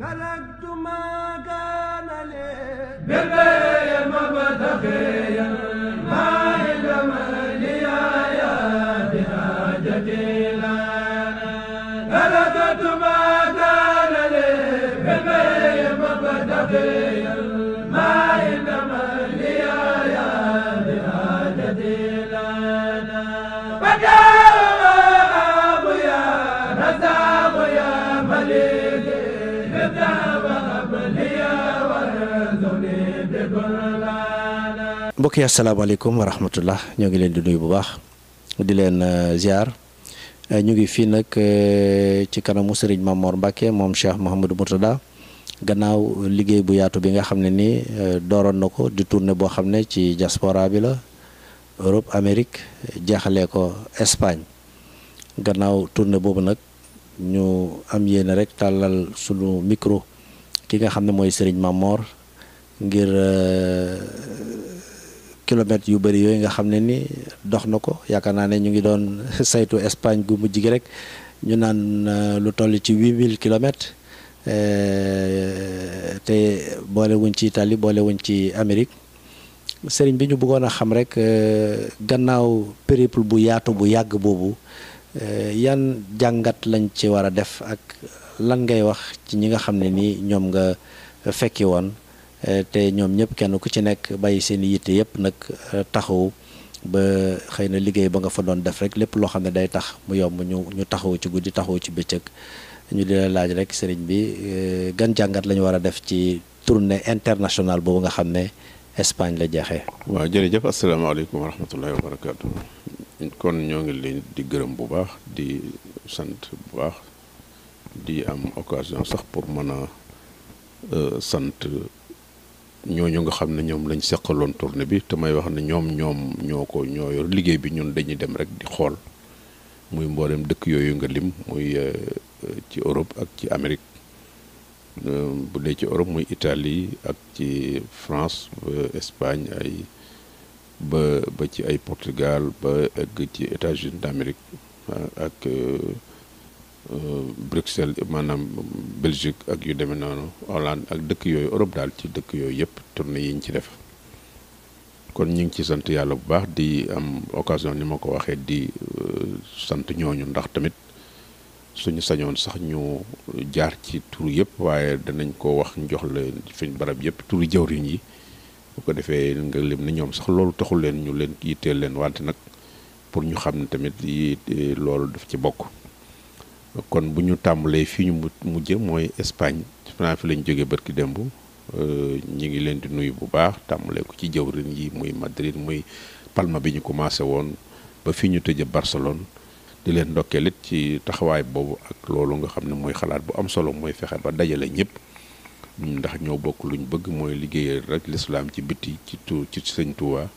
ملكت ما كان لي بغير مبتغيا mbokk yi asalaamaaleykum wa ñoo ngi leen di nuyu bu baax di leen euh, ziar euh, ñu ngi fii nag euh, ci kanamu Serigne Mamor Mbacke moom Cheikh Mouhamadou Mourtada gannaaw liggéey bu yaatu bi nga xam ne nii dooroon na ko di tournée boo xam ne ci diaspora bi la Europe Amérique jeexalee ko Espagne gannaaw tournée boobu nag ñu am yéene rek tàllal sunu mikro ki nga xam ne mooy sëriñ Mamor ngir. kilomètres yu bëri yooyu nga xam ne ni dox na ko yaakaar naa ne ñu ngi doon saytu Espagne gu mujj gi rek ñu naan euh, lu toll ci huit mille kilomètres euh, te boole wuñ ci Italie boole wuñ ci Amérique sëriñ bi ñu bëggoon a xam rek euh, gannaaw périple bu yaatu bu yàgg boobu yan jàngat lañ ci war a def ak lan ngay wax ci ñi nga xam ne nii ñoom nga fekki woon Eh, te ñoom ñëpp kenn ku ci nekk bàyyi seen i yitte yëpp nag eh, taxaw ba xëy na liggéey ba nga fa doon def rek lépp loo xam ne day tax mu yomb ñu ñu taxaw ci guddi taxaw ci bëccëg ñu di laaj rek sëriñ bi eh, gan jàngat lañu ñu war a def ci tournée internationale boobu nga xam ne Espagne la jeexee. waa jërëjëf asalaamaaleykum wa rahmatullahi wa barakaatu. kon ñoo ngi leen di gërëm bu baax di sant bu baax di am occasion sax pour mën a sant. ñooñu nga xam ne ñoom lañ seqaloon tournée bi te may wax na ñoom ñoom ñoo ko ñoo yor liggéey bi ñun dañuy dem rek di xool muy mboolem dëkk yooyu nga lim muy euh, ci Europe ak ci Amérique euh, bu dee ci Europe muy Italie ak ci France ba Espagne ay ba ba ci ay Portugal ba egg ci États-Unis d'Amérique ak. Euh, Euh, Bruxelles maanaam Belgique ak yu demee noonu Hollande ak dëkk yooyu Europe daal ci dëkk yooyu yëpp tournée yi ñu ci def kon ñu ngi ci sant yàlla bu baax di am occasion ni ma ko waxee di euh, sant ñooñu ndax tamit suñu sañoon sax ñu jaar ci tur yëpp waaye danañ ko wax ñu jox la fiñ barab yëpp turu jawriñ yi bu ko defee nga lim na ñoom sax loolu taxul leen ñu leen yitteel leen wante nag pour ñu xam ne tamit yi eh, loolu daf ci bokk. kon bu ñu tàmbalee fii ñu mu jëm mooy Espagne fanaa fi lañ jógee barki démb euh, ñu ngi leen di nuyu bu baax tàmbalee ko ci jawrin yi muy Madrid muy Palma bi ñu commencé woon ba fi ñu tëjee Barcelone di leen ndokkeel it ci taxawaay boobu ak loolu nga xam ne mooy xalaat bu am solo mooy fexe ba dajale ñëpp ndax ñoo bokk luñ bëgg mooy liggéeyal rek lislaam ci biti ci tu ci sëñ Tuubaa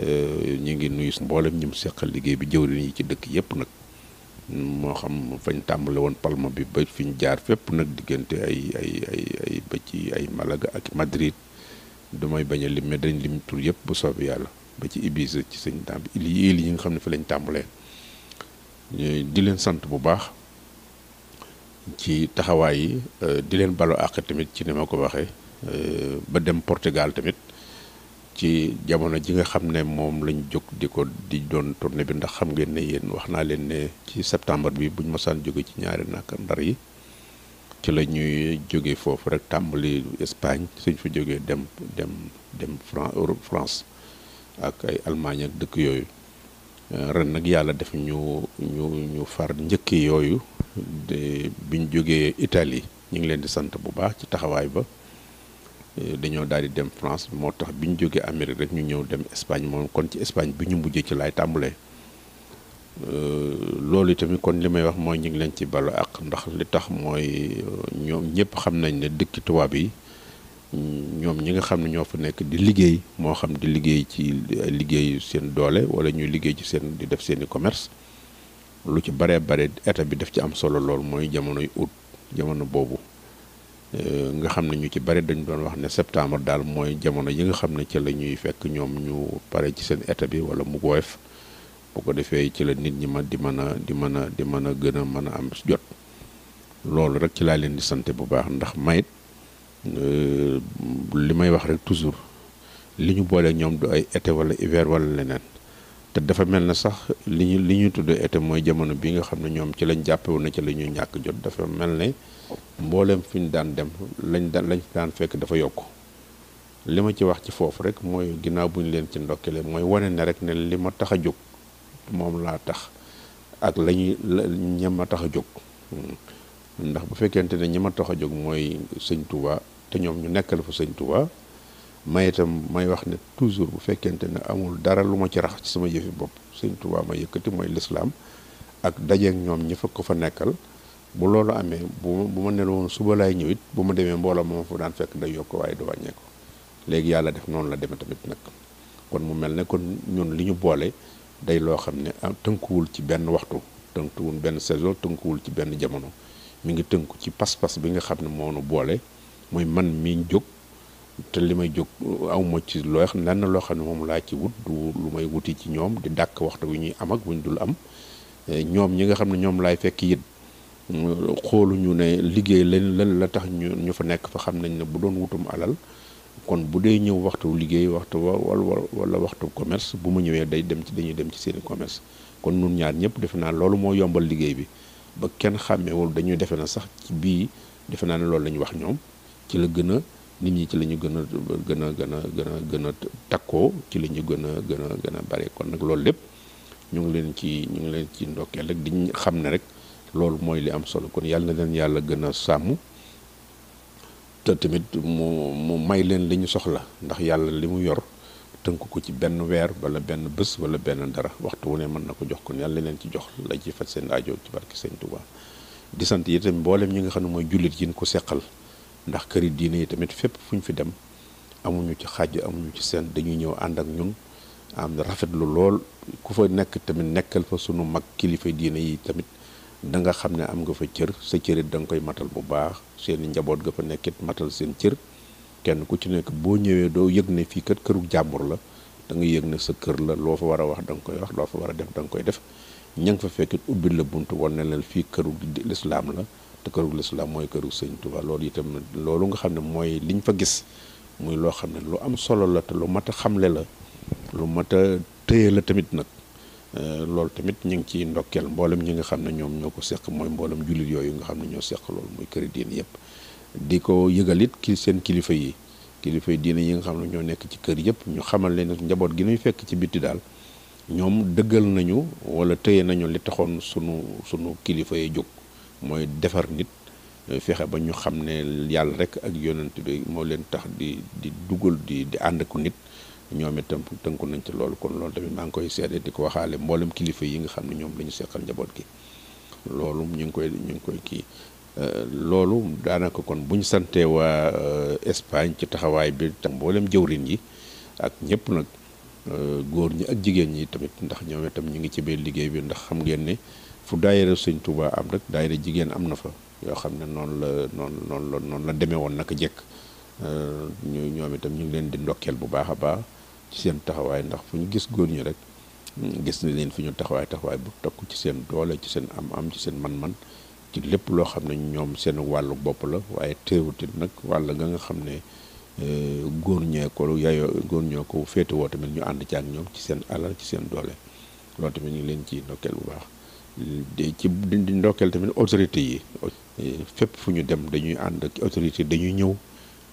euh, ñu ngi nuyu mboolem ñum seqal liggéey bi jawrin yi ci dëkk yëpp nag. moo xam fañ tàmbale woon Palma bi ba fi jaar fépp nag diggante ay ay ay ay ba ci ay Malaga ak Madrid damay bañ a lim dañ lim tur yëpp bu soob yàlla ba ci Ibiza ci sëñ tàmb ili ili yi nga xam ne fa lañ tàmbalee di leen sant bu baax ci taxawaay euh, di leen balo àq tamit ci ni ma ko waxee euh, ba dem Portugal tamit ci jamono ji nga xam ne moom lañ jóg di ko di doon tournée bi ndax xam ngeen ne yéen wax naa leen ne ci septembre bi buñ mosaan jóge ci ñaari nak ndar yi ci la ñuy jóge foofu rek tàmbali Espagne suñ fa jógee dem dem dem France Europe France ak ay Allemagne ak dëkk yooyu euh, ren nag yàlla def ñu ñu ñu far njëkk yooyu biñ jógee itali ñu ngi leen di sant bu baax ci taxawaay ba Euh, dañoo daal di dem France moo tax bi ñu jógee Amérique rek ñu ñëw dem Espagne moom kon ci Espagne bi ñu mujjee ci laay tàmbalee euh, loolu tamit kon li may wax mooy ñu ngi leen ci balo ak ndax li tax mooy euh, ñoom ñëpp xam nañ ne dëkki tubaab yi ñoom ñi nga xam ne ñoo fa nekk di liggéey moo xam di liggéey ci liggéey seen doole wala ñuy liggéey ci seen di def seeni commerce lu ci baree bare état bi daf ci am solo lool mooy jamonoy ut jamono boobu. Euh, nga xam ne ñu ci bari dañu doon wax ne septembre daal mooy jamono yi nga xam ne ci la ñuy fekk ñoom ñu pare ci seen état bi wala mu woyof bu ko defee ci la nit ñi ma di mën a di mën a di mën a gën a mën a am jot loolu rek ci laa leen di sant bu baax ndax mayit euh, li may wax rek toujours li ñu boole ñoom du ay été wala hiver wala leneen te dafa mel na sax li ñu li ñu tudd été mooy jamono bi nga xam ne ñoom ci lañ jàppewoon na ci la ñuy ñàkk jot dafa mel ne mbooleem fi ñu daan dem lañ daan lañ daan fekk dafa yokk li ma ci wax ci foofu rek mooy ginnaaw bu ñu leen ci ndokkele mooy wane ne rek ne li ma tax a jóg moom laa tax ak lañuy ñuy ña tax a jóg hmm. ndax bu fekkente ne ñi ma tax a jóg mooy sëñ Touba te ñoom ñu nekkal fa sëñ Touba may itam may wax ne toujours bu fekkente ne amul dara lu ma ci rax ci sama yëfi bopp sëñ Tuubaa ma yëkkati mooy lislaam ak dajeek ñoom ñi fa ko fa nekkal bu loolu amee bu bu ma nel suba laay ñëwit bu ma demee mbooloo moom fa daan fekk day yokk waaye du wàññeeku léegi yàlla def noonu la demee tamit nag kon mu mel ne kon ñun li ñu boole day loo xam ne ah, tënkuwul ci benn waxtu tënkuwul benn saison tënkuwul ci benn jamono mu ngi tënku ci pas-pas bi nga xam ne moo nu boole mooy man mii jóg. te li may jóg awma ci looy xam ne na loo xam ne moom laa ci wut du lu may wuti ci ñoom di dàkk waxtu wi ñuy am ak buñ dul am eh, ñoom ñi nga xam ne ñoom laay fekk mm, xoolu ñu ne liggéey lañ lan la tax ñu ñu fa nekk fa xam nañ ne bu doon wutum alal kon bu dee ñëw waxtu liggéey waxtu wala wala waxtu commerce bu ma ñëwee day dem ci dañuy dem ci seeni commerce kon nun ñaar ñëpp defe naa loolu moo yombal liggéey bi ba kenn xàmmeewul dañuy defe na sax ci bii defe naa ne loolu la wax ñoom ci la gën a nit ñi ci lañu ñu gën a gën a gën a gën a gën a takkoo ci la ñu gën a gën gën a bare kon nag loolu lépp ñu ngi leen ci ñu ngi leen ci ndokkeel rek di xam ne rek loolu mooy li am solo kon yàlla na leen yàlla gën a sàmm te tamit mu mu may leen li ñu soxla ndax yàlla li mu yor tënk ko ci benn weer wala benn bés wala benn dara waxtu wu ne mën na ko jox kon yàlla leen ci jox la ci faj seen aajo ci barke seen Tuubaa di sant itam mboolem ñi nga xam ne mooy jullit yi ñu ko seqal. ndax këri diine yi tamit fépp fu ñu fi dem amuñu ci xàjj amuñu ci seen dañuy ñëw ànd ak ñun am rafetlu lool ku fa nekk tamit nekkal fa sunu mag kilifa diine yi tamit da nga xam ne am nga fa cër sa cërit da koy matal bu baax seen njaboot ga fa nekkit matal seen cër kenn ku ci nekk boo ñëwee doo yëg ne fii kat këru jàmbur la da nga yëg ne sa kër la loo fa war a wax da koy wax loo fa war a def da nga koy def ña nga fa fekkit ubbil la bunt wan ne leen fii këru lislaam la te këru lislaam mooy këru sëñ Tuubaa loolu itam loolu nga xam ne mooy liñ fa gis muy loo xam ne lu am solo la te lu mat a xamle la lu mat a téye la tamit nag euh, loolu tamit ñu ngi ciy ndokkeel mboolem ñi nga xam ne ñoom ñoo ko seq mooy mboolem jullit yooyu nga xam ne ñoo seq loolu muy këri diine yëpp di ko yëgal it ki seen kilifa yi kilifa yi diine yi nga xam ne ñoo nekk ci kër yëpp ñu xamal leen njaboot gi ñuy fekk ci bitti daal ñoom dëggal nañu wala téye nañu li taxoon sunu sunu kilifa yi jóg mooy defar nit euh, fexe ba ñu xam ne yàlla rek ak yonent bi moo leen tax di di dugal di di ànd ku nit ñoom itam tënku nañ ci loolu kon loolu tamit maa ngi koy seede di ko waxaale mbooleem kilifa yi nga xam ne ñoom lañu ñu seqal njaboot gi loolu ñu ngi koy ñu ngi koy kii euh, loolu daanaka kon bu ñu santee waa euh, Espagne ci taxawaay bi tam mbooleem jëwrin yi ak ñëpp nag. Euh, góor ñi ak jigéen ñi tamit ndax ñoom itam ñu ngi ci biir liggéey bi ndax xam ngeen ni fu daayira suñ Touba am rek daayira jigéen am na fa yoo xam ne noonu la noon noonu la noonu la demee woon naka jekk euh, ñu ñoom itam ñu ngi leen di ndokkeel bu baax a baax ci seen taxawaay ndax fu ñu gis góor ñi rek mm, gis ni leen fu ñu taxawaay taxawaay bu tokk ci seen doole ci seen am-am ci seen man-man ci lépp loo xam ne ñoom seen wàllu bopp la waaye teewutit nag wàll nga nga xam ne. Euh, góor ñee ko yaayoo góor ñoo ko féete woo tamit ñu ànd ci ak ñoom ci seen alal ci seen doole loo tamit ñu ngi leen ci ndokkeel bu baax ci di ndokkeel tamit autorité yi fépp fu ñu dem dañuy ànd ak autorité dañuy ñëw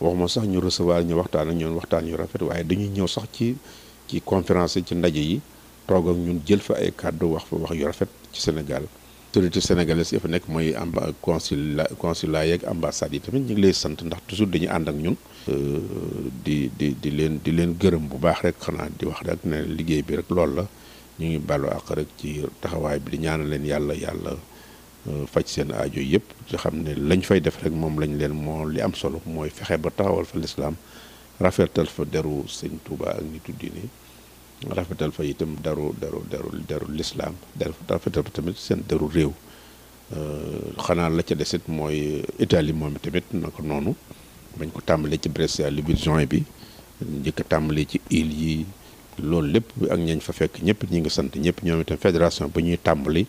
waxuma sax ñu recevoir ñu waxtaan ak ñoom waxtaan yu rafet waaye dañuy ñëw sax ci ci conférence ci ndaje yi toog ak ñun jël fa ay kàddu wax fa wax yu rafet ci Sénégal autorité sénégalaise yi fa nekk mooy amba consulat consulat yeeg ambassade yi tamit ñu ngi lay sant ndax toujours dañuy ànd ak ñun di di di leen di leen gërëm bu baax rek xanaa di wax rek ne liggéey bi rek loolu la ñu ngi balo àq rek ci taxawaay bi di ñaanal leen yàlla yàlla euh, faj seen aajo yëpp te xam ne lañ fay def rek moom lañ leen moo li am solo mooy fexe ba taxawal fa lislaam rafetal fa deru sëñ Touba ak nitu diine rafetal fa itam daru daru daru daru lislaam rafetal fa tamit seen deru réew euh, xanaa la ca desit mooy Italie moom tamit naka noonu bañ ko tàmbalee ci Brescia le 8 juin bi njëkk tàmbali ci île yi loolu lépp ak ñañ fa fekk ñëpp ñu ngi sant ñëpp ñoom itam fédération ba ñuy tàmbali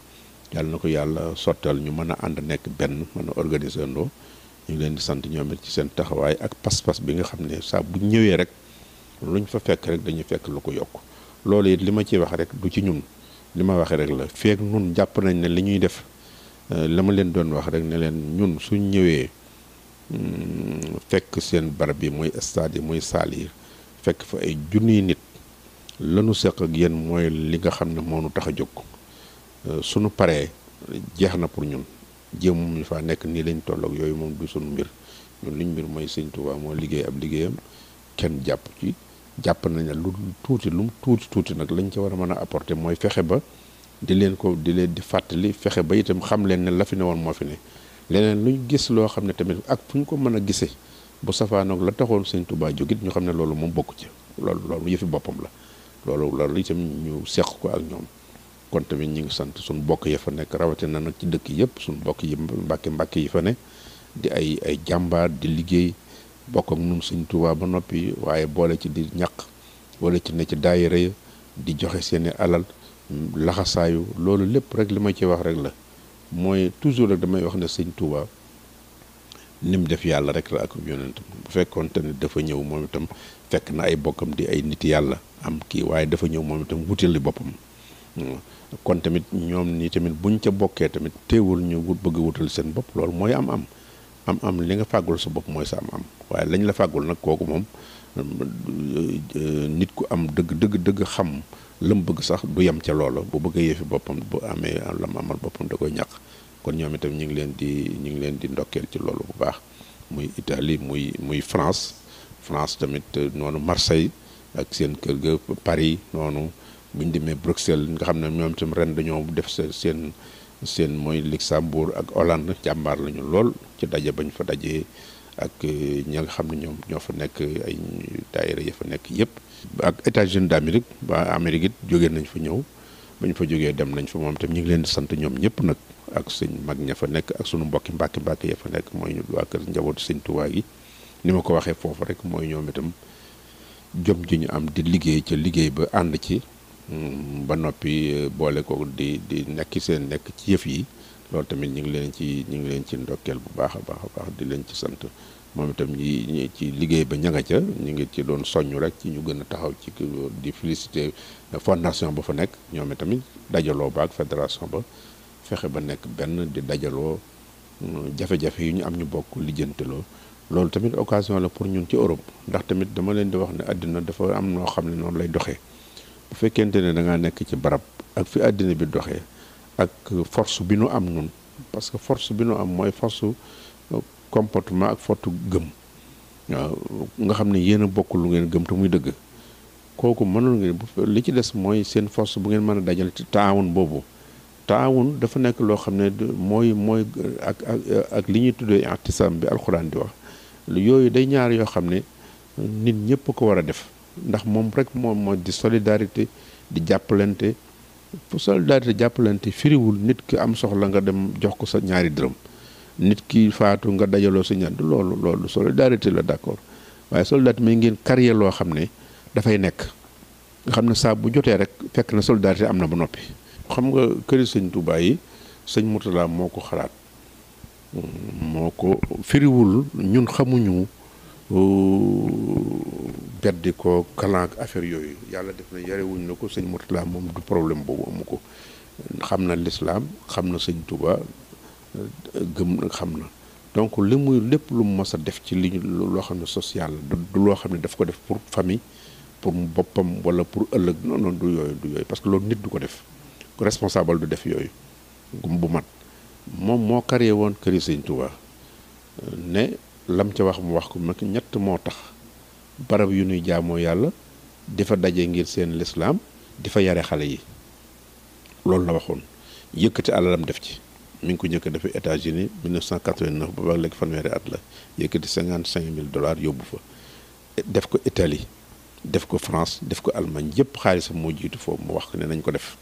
yàlla na ko yàlla sottal ñu mën a ànd nekk benn mën a organiser ndoo ñu ngi leen di sant ñoom ci seen taxawaay ak pas-pas bi nga xam ne saa bu ñëwee rek lu ñu fa fekk rek dañuy fekk lu ko yokk loolu it li ma ciy wax rek du ci ñun li ma waxee rek la feek nun jàpp nañ ne li ñuy def eh, la ma leen doon wax rek ne leen ñun suñ ñëwee Hmm, fekk seen barab yi mooy stade yi muy saal fekk fa ay junniy nit lanu seq ak yéen mooy li nga xam ne moo nu tax a jóg euh, sunu paree jeex na pour ñun jéem ñu faa nekk nii lañ toll yooyu moom du sunu mbir ñun liñ mbir mooy sëñ Tuubaa moo liggéey ab liggéeyam kenn jàpp ci jàpp nañ ne lu tuuti lu tuuti tuuti nag lañ ci war a mën a apporter mooy fexe ba di leen ko di leen di fàttali fexe ba itam xam leen ne la fi ne woon moo fi ne. leneen lu ñu gis loo xam ne tamit ak fu ñu ko mën a gisee bu safaanoog la taxoon sëñ Tuubaa jógit ñu xam ne loolu moom bokku ci loolu loolu yëfi boppam la loolu loolu itam ñu seq ko ak ñoom kon tamit ñu ngi sant suñu bokk ya fa nekk na nag ci dëkk yëpp suñu bokk yi mbàkke mbàkke yi fa ne di ay ay jàmbaar di liggéey bokk ak ñun Tuubaa ba noppi waaye boole ci di ñaq wala ci ne ci daayira ya di joxe seeni alal laxasaayu loolu lépp rek li ma ci wax rek la mooy toujours rek damay wax ne sëñ Touba ni mu def yàlla rek la ak yonent bu fekkoon te ne dafa ñëw moom itam fekk na ay bokkam di ay nit yàlla am kii waaye dafa ñëw moom itam wutal boppam kon tamit ñoom nii tamit buñ ca bokkee tamit téewul ñu wut bëgg wutal seen bopp loolu mooy am am am am li nga fàggul sa bopp mooy sa am am waaye lañ la fàggul nag kooku moom nit ku am dëgg dëgg dëgg xam lam bëgg sax du yem ca loola bu bëggee yëfi boppam bu amee lam amal boppam da koy ñàkk kon ñoom itam ñu ngi leen di ñu ngi leen di ndokkeel ci loolu bu baax muy Italie muy muy France France tamit noonu Marseille ak seen kër ga Paris noonu bu ñu demee Bruxelles nga xam ne ñoom itam ren dañoo def seen seen mooy Luxembourg ak Hollande jàmbaar lañu lool ci daje bañ fa dajee. ak euh, ñi nga xam ne ñoom ñoo fa nekk ay daayira ya fa nekk yëpp. ak états unis d'Amérique waa Amérique it jóge nañ fa ñëw ba fa jógee dem nañ fa moom tam ñu ngi leen di sant ñoom ñëpp nag ak suñ mag ña fa nekk ak suñu mbokki mbàkki mbàkki ya fa nekk mooy ñu waa kër njabootu sëñ yi gi ma ko waxee foofu rek mooy ñoom itam jom ji ñu am di liggéey ca liggéey ba ànd ci mm, ba noppi euh, boole ko di di nekk seen nekk ci yëf yi. loolu tamit ñu ngi leen ci ñu ngi leen ci ndokkeel bu baax a baax a baax di leen ci sant moom itam ñi ñi ci liggéey ba ña nga ca ñu ngi ci doon soññ rek ci ñu gën a taxaw ci di féliciter fondation ba fa nekk ñoom tamit dajaloo ba ak fédération ba fexe ba nekk benn di dajaloo mm, jafe-jafe yi ñu am ñu bokk lijjanteloo loolu tamit occasion la pour ñun ci Europe ndax tamit dama leen di wax ne àddina dafa am noo xam ne noonu lay doxee bu fekkente ne da ngaa nekk ci barab ak fi àddina bi doxee. ak force bi nu am nun parce que force bi nu am mooy force euh, comportement ak force gëm waaw nga xam ne yéen a bokk lu ngeen gëm te muy dëgg kooku mënul ngeen li ci des mooy seen force bu ngeen mën a dajale ci taawun boobu taawun dafa nekk loo xam ne mooy mooy ak ak ak li ñuy tuddee artisam bi alxuraan di wax yooyu day ñaar yoo xam ne nit ñëpp ko war a def ndax moom rek moom mooy di solidarité di jàppalante solidarité jàppalante firiwul nit ki am soxla nga dem jox ko sa ñaari dërëm nit ki faatu nga dajaloo sa ñaar loolu loolu solidarité la d'accord waaye solidarité may ngeen carrière loo xam ne dafay nekk nga xam ne saa bu jotee rek fekk na solidarité am na ba noppi. xam nga këri sëñ Touba yi sëñ Mourtada moo ko xalaat moo ko firiwul ñun xamuñu. Euh, beddi ko kalank affaire yooyu yàlla def na yarewuñ la ko sëñ Murtala moom du problème boobu amu ko xam na lislaam xam na sëñ Tuba gëm na xam na donc li muy lépp lu mu mës a def ci li loo xam ne social loo xam ne daf ko def pour famille pour boppam wala pour ëllëg non que loolu nit du ko def responsable du def yooyu gum bu mat moom moo karee woon këri sëñ Tuba ne lam ca wax mu wax ko mag ñett moo tax barab yu nuy jaamoo yàlla di fa daje ngir seen lislaam di fa yare xale yi loolu la waxoon yëkkati alalam def ci mu ngi ko njëkk a defee États-Unis 1989 ba ba léegi fanweeri at la yëkkati 55 mille dollars yóbbu fa def ko Italie def ko France def ko Allemagne yëpp xaalisam moo jiitu foofu mu wax ne nañ ko def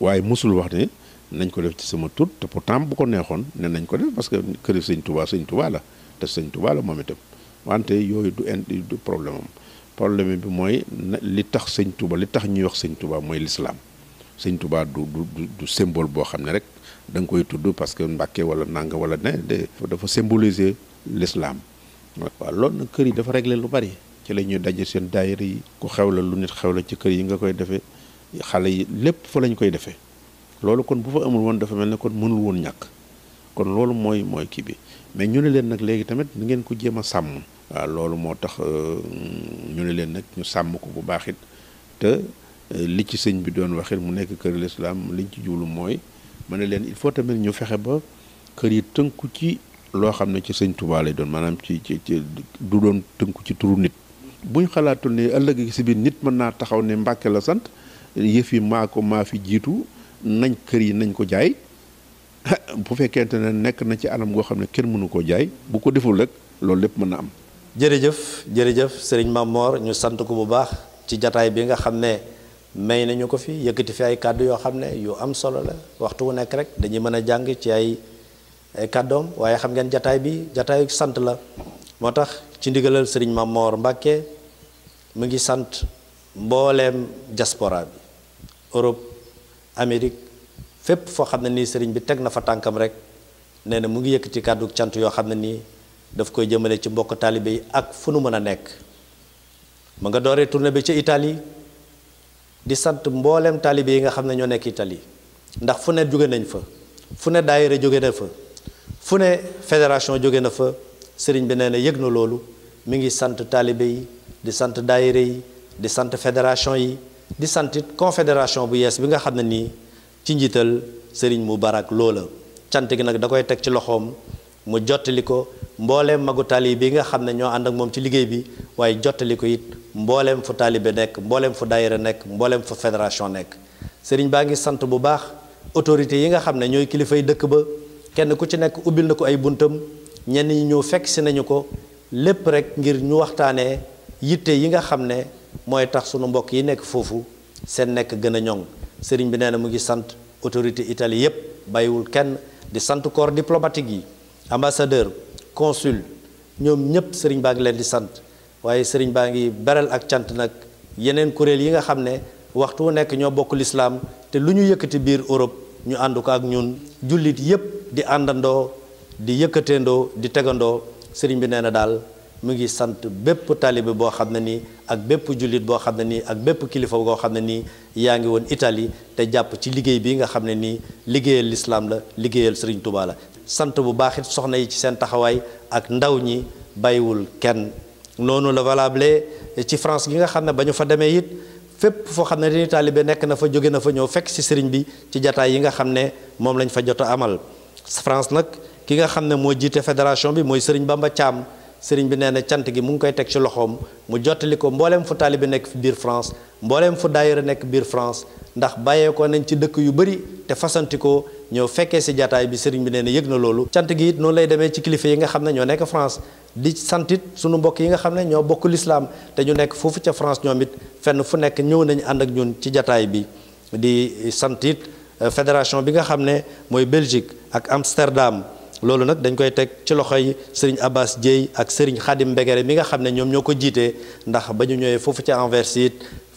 waaye mosul wax ne nañ ko def ci sama tur te pourtant bu ko neexoon ne nañ ko def parce que këri sëñ Touba sëñ Touba la te sëñ Touba la moom itam. wante yooyu du indi du problème am bi mooy li tax sëñ Touba li tax ñuy wax sëñ Touba mooy lislaam sëñ Touba du du du boo xam ne rek da nga koy tudd parce que Mbàkke wala nanga wala ne dafa symboliser l'islam waa loolu nag kër yi dafa régler lu bari ci la ñuy daje seen daayira yi ku xew la lu nit xew la ci kër yi nga koy defee xale yi lépp fa lañ koy defee loolu kon bu fa amul woon dafa mel ni kon mënul woon ñàkk kon loolu mooy mooy kii bi mais ñu ne leen nag léegi tamit ni ngeen ko jéem a sàmm waaw loolu moo tax euh, ñu ne leen nag ñu sàmm ko bu baax it te euh, li ci sëñ bi doon waxit mu nekk kër lislaam liñ ci jublu mooy ma ne leen il faut tamit ñu fexe ba kër yi tënku ci loo xam ne ci sëñ Tuubaa lay doon maanaam ci ci ci du doon tënku ci turu nit buñ xalaatul ne ëllëg si biir nit mën naa taxaw ne Mbàkke la sant yëf yi maa ko maa fi jiitu nañ kër yi nañ ko jaay bu fekkente ne nekk na ci alam goo xam ne kenn mënu ko jaay bu ko deful rek loolu lépp mën na am jërëjëf jërëjëf sëriñ Mamor ñu sant ko bu baax ci jataay bi nga xam ne may nañu ko fi yëkkati fi ay kàddu yoo xam ne yu am solo la waxtu wu nekk rek dañuy mën a jàng ci ay ay kàddoom waaye xam ngeen jataay bi jataayu sant la moo tax ci ndigalal sëriñ Mamor Mbàkke mu ngi sant mbooleem diaspora bi Europe Amérique fépp foo xam ne nii sëriñ bi teg na fa tànkam rek nee na mu ngi yëkkati kàddu cant yoo xam ne nii daf koy jëmale ci mbokk taalibe yi ak fu nu mën a nekk ma nga dooree tournée bi ca itali di sant mbooleem taalibe yi nga xam ne ñoo nekk itali ndax fu ne jóge nañ fa fu ne daayira jóge na fa fu ne fédération jóge na fa sëriñ bi nee na yëg na loolu mi ngi sant taalibe yi di sant daayira yi di sant fédération yi di sant it confédération bu yees bi nga xam ne nii ci njiital sëriñ baraag loola cant gi nag da koy teg ci loxoom mu jottali ko mbooleem magu taalibe yi nga xam ne ñoo ànd ak moom ci liggéey bi waaye jottali ko it mbooleem fu taalibe nekk mbooleem fu daayira nekk mbooleem fu fédération nekk sëriñ baa ngi sant bu baax autorités yi nga xam ne ñooy kilifay dëkk ba kenn ku ci nekk ubbil na ko ay buntam ñenn ñi ñëw fekk si nañu ko lépp rek ngir ñu waxtaanee yitte yi nga xam ne mooy tax sunu mbokk yi nekk foofu seen nekk gën a ñoŋ sëriñ bi nee na mu ngi sant autorité itali yépp bàyyiwul kenn di sant corps diplomatique yi ambassadeur consul ñoom ñëpp sëriñ baa ngi leen di sant waaye sëriñ baa ngi beral ak cant nag yeneen kuréel yi nga xam ne waxtu wu nekk ñoo bokk lislaam te lu ñu yëkkati biir Europe ñu ànd ko ak ñun jullit yëpp di àndandoo di yëkkateendoo di tegandoo sëriñ bi nee na daal mu ngi sant bépp taalibe boo xam ne nii ak bépp jullit boo xam ne nii ak bépp kilifa boo xam ne nii yaa ngi woon itali te jàpp ci liggéey bii nga xam ne nii liggéeyal lislaam la liggéeyal sëriñ Tuubaa la sant bu baax it soxna yi ci seen taxawaay ak ndaw ñi bàyyiwul kenn noonu la valable ci France gi nga xam ne ba ñu fa demee it fépp foo xam ne dañuy taalibe nekk na fa jóge na fa ñëw fekk ci sëriñ bi ci jataay yi nga xam ne moom lañ fa jot a amal France nag ki nga xam ne moo jiite fédération bi mooy sëriñ Bamba Thiam sëriñ bi nee na cant gi mu ngi koy teg ci loxoom mu jottali ko mbooleem fu taalibe nekk biir France mbooleem fu daayira nekk biir France ndax bàyyeekoo nañ ci dëkk yu bëri te fasanti ko ñëw fekkee si jataay bi sëriñ bi nee na yëg na loolu cant gi it noonu lay demee ci kilifa yi nga xam ne ñoo nekk France di santit sunu mbokk yi nga xam ne ñoo bokk lislaam te ñu nekk foofu ca France ñoom it fenn fu nekk ñëw nañu ànd ak ñun ci jataay bi di santit euh, fédération bi nga xam ne mooy Belgique ak Amsterdam loolu nag dañ koy teg ci loxo loxoy Serigne Abbas Dieye ak Serigne Khadim Mbegere mi nga xam ne ñoom ñoo ko jiitee ndax ba ñu ñëwee foofu ci Anvers it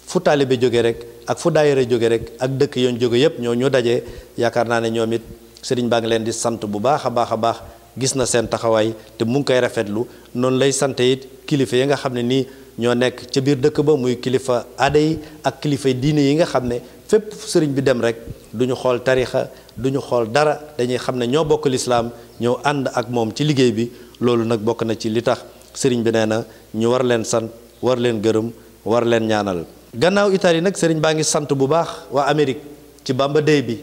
fu taalibe jóge rek ak fu daayira jóge rek ak dëkk yoon jóge yépp ñoo ñu daje yaakaar naa ne ñoom it Serigne baa ngi leen di sant bu baax a baax a baax gis na seen taxawaay te mu ngi koy rafetlu noonu lay sant it kilifa yi nga xam ne nii ñoo nekk ca biir dëkk ba muy kilifa aada yi ak kilifa diine yi nga xam ne fépp sëriñ bi dem rek du ñu xool tarixa du xool dara dañuy xam ne ñoo bokk lislaam ñëw ànd ak moom ci liggéey bi loolu nag bokk na ci li tax sëriñ bi nee na ñu war leen sant war leen gërëm war leen ñaanal. gannaaw Italie nag sëriñ baa ngi sant bu baax waa Amérique ci Bamba Day bi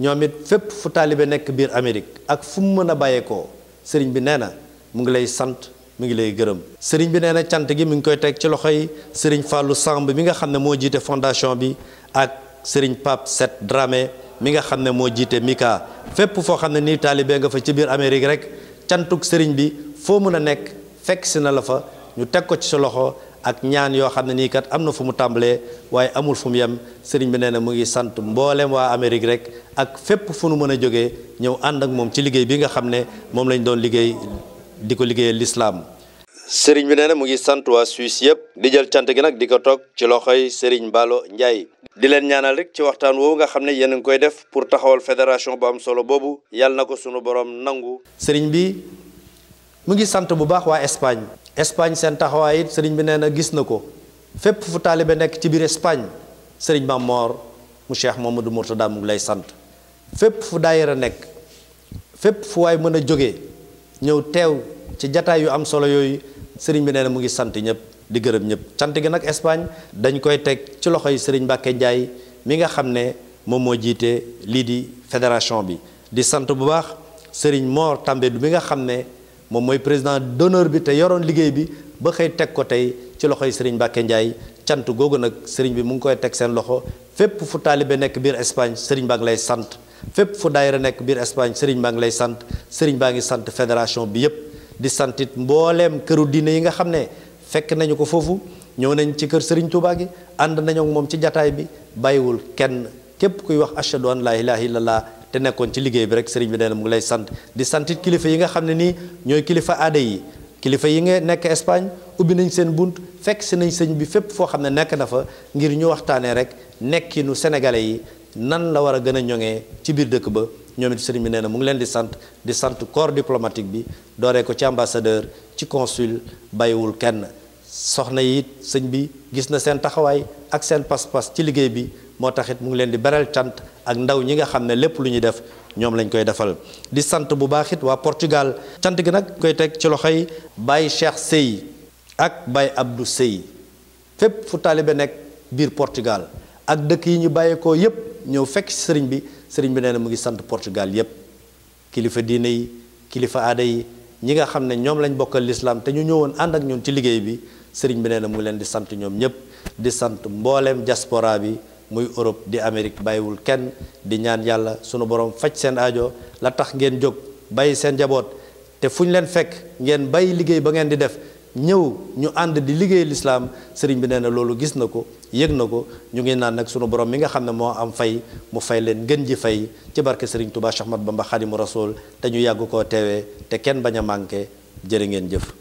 ñoom it fépp fu taalibe nekk biir Amérique ak fu mu mën a bàyyeekoo sëriñ bi nee na mu ngi lay sant. mu ngi lay gërëm sëriñ bi nee na cant gi mi ngi koy teg ci loxo yi sëriñ fàllu Samb bi nga xam ne moo jiite fondation bi ak sëriñ Pape Set Dramé mi nga xam ne moo jiite Mika fépp foo xam ne nii taalibee nga fa ci biir Amérique rek cantuk sëriñ bi foo mën a nekk fekk si na la fa ñu teg ko ci sa loxo ak ñaan yoo xam ne nii kat am na fu mu tàmbalee waaye amul fu mu yem sëriñ bi nee na mu ngi sant mboolem waa Amérique rek ak fépp fu nu mën a jóge ñëw ànd ak moom ci liggéey bi nga xam ne moom lañ doon liggéey di ko liggéeyee lislaam sëriñ bi nee na mu ngi sant waa Suisse yëpp di jël cant gi nag di ko toog ci loxoy sëriñ Mballo Ndiaye di leen ñaanal rek ci waxtaan woowu nga xam ne yéen a ngi koy def pour taxawal fédération bu am solo boobu yàlla na ko sunu borom nangu. sëriñ bi mu ngi sant bu baax waa Espagne. Espagne seen taxawaay it sëriñ bi nee na gis na ko fépp fu taalibe nekk ci biir Espagne sëriñ Maam Moor mu moom Mamadou Mourtada mu ngi lay sant fépp fu daayira nekk fépp fu waay mën a jóge ñëw teew ci jataay yu am solo yooyu sëriñ bi nee mu ngi sant ñëpp. di gërëm ñëpp cant gi nag Espagne dañ koy teg ci yi Serigne Mbacke Ndiaye mi nga xam ne moom moo jiite lii di fédération bi di sant bu baax Serigne Mor Tambédou mi nga xam ne moom mooy président d'honneur bi te yoroon liggéey bi ba xëy teg ko tey ci loxo yi Serigne Mbacke njaay cant googu nag Serigne bi mu ngi koy teg seen loxo fépp fu taalibe nekk biir Espagne Serigne baa ngi lay sant fépp fu daayira nekk biir Espagne Serigne baa ngi lay sant Serigne baa ngi sant fédération bi yépp di santit mbooleem këru diine yi nga xam ne fekk nañu ko foofu ñëw nañ ci kër Serigne Touba gi ànd nañu moom ci jataay bi bàyyiwul kenn képp kuy wax ashhadu an laa ilaaha laa te nekkoon ci liggéey bi rek Serigne bi nee mu ngi lay sant di santit kilifa yi nga xam ne nii ñooy kilifa aada yi kilifa yi nga nekk Espagne ubbi nañ seen bunt fekk si nañ sëñ bi fépp foo xam ne nekk na fa ngir ñu waxtaanee rek nekkinu sénégalais yi nan la war a gën a ñoŋee ci biir dëkk ba ñoom it sëriñ bi nee na mu ngi leen di sant di sant corps diplomatique bi dooree ko ci ambassadeur ci consul bàyyiwul kenn soxna yi sëñ bi gis na seen taxawaay ak seen pas-pas ci liggéey bi moo taxit mu ngi leen di beral cant ak ndaw ñi nga xam ne lépp lu ñuy def ñoom lañ koy defal di sant bu baax it waa Portugal cant gi nag koy teg ci loxoy Baye Cheikh sëy ak Baye Abdou sëy fépp fu taalibe nekk biir Portugal ak dëkk yi ñu bàyyeekoo yépp ñëw fekk sëriñ bi sëriñ bi nee na mu ngi sant Portugal yépp kilifa diine yi kilifa aada yi ñi nga xam ne ñoom lañ bokkal lislaam te ñu ñëwoon ànd ak ñun ci liggéey bi sëriñ bi nee na mu leen di sant ñoom ñëpp di sant mbooleem diaspora bi muy Europe di Amérique bàyyiwul kenn di ñaan yàlla sunu borom faj seen aajo la tax ngeen jóg bàyyi seen jaboot te fu ñu leen fekk ngeen bàyyi liggéey ba ngeen di def ñëw ñu ànd di liggéey lislaam sëriñ bi nee na loolu gis na ko yëg na ko ñu ngi naan nag sunu borom mi nga xam ne moo am fay mu fay leen gën ji fay ci barke Serigne Touba Cheikh Ahmadou Bamba Khadimou Rasoul te ñu yàgg koo teewee te kenn bañ a manqué jërë ngeen jëf